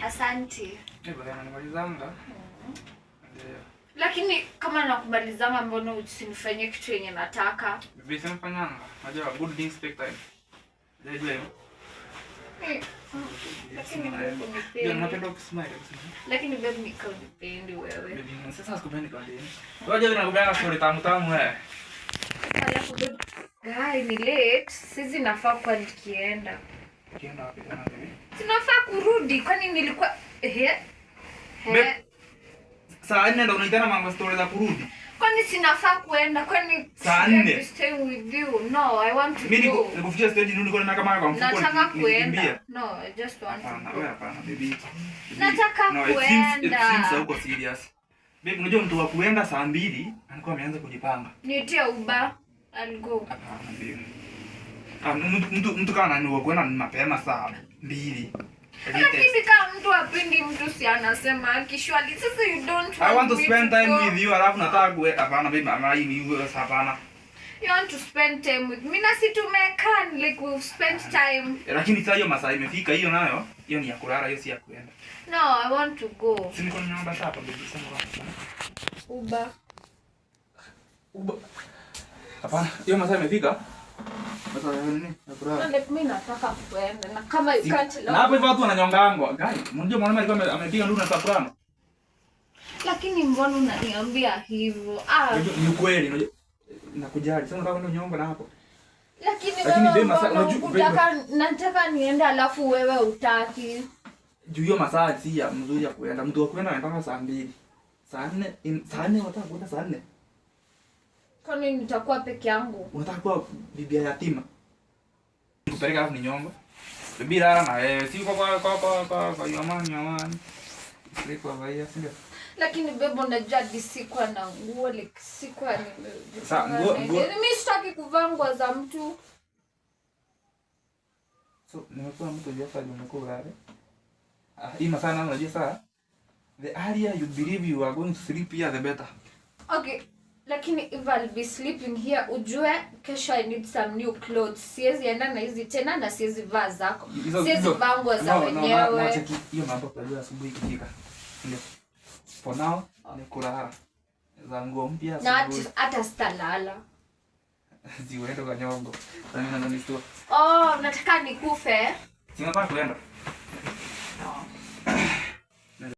Asante. Lakini kama nakubalizanga, mbona usinifanyie kitu yenye nataka? Bibi simfanyanga. good time. guy ni late. Sisi nafaa kwa nikienda. Sinafaa kurudi kwani nilikuwa ehe. He. Saa nne ndo unaitana mambo story za kurudi. Kwani sinafaa kuenda kwani saa nne. Stay with you. No, I want to. Mimi niko nikufikia stage nini niko na kama kwa mfuko. Nataka kuenda. No, I just want. Hapana, wewe hapana baby. Nataka no, kuenda. It seems, it serious. Baby, unajua mtu wa kuenda saa mbili anakuwa ameanza kujipanga. Nitie Uber. I'll go. Hapana baby. Ah, mtu mtu kama nani kuenda ni mapema sana mbili lakini kama mtu apendi mtu si anasema kishwali sasa you don't I want to spend time go. with you alafu nataka kuwe hapana baby mama hii ni wewe hapana you want to spend time with me na si tumekaa like we we'll spend ah. time lakini sasa hiyo masaa imefika hiyo nayo hiyo ni ya kulala hiyo si ya kuenda no I want to go si niko na namba hapa baby sema Uba Uba hapana hiyo masaa imefika na Lakini mbona unaniambia hivyo? Ah. Ni kweli. Nakujali. Sasa unataka kunyonga na hapo. Lakini nataka niende alafu wewe utaki. Juu hiyo masaa si ya mzuri ya kuenda. Mtu wa kuenda anataka saa mbili. Saa nne, saa nne wataka kuenda saa nne. Kwani nitakuwa peke yangu? Unataka kuwa bibi yatima? Nikupeleka alafu ni ninyonge. Bibi lala na wewe. Si kwa kwa kwa kwa kwa kwa yamani yamani. Ile kwa baya sio? Lakini bebo unajua hadi siku na nguo like sikwa ni. Sasa nguo nguo. Mimi sitaki kuvaa nguo za mtu. So nimekuwa mtu jua sasa nimekuwa wale. Ah, hii masana unajua sasa. The earlier you believe you are going to sleep here the better. Okay lakini if I'll be sleeping here ujue kesho I need some new clothes. Siwezi enda na hizi tena na siwezi vaa zako, siwezi vaa nguo za wenyewe. Hiyo mambo ikifika. For now ni za na sitalala Oh, nataka nikufe. Sina pa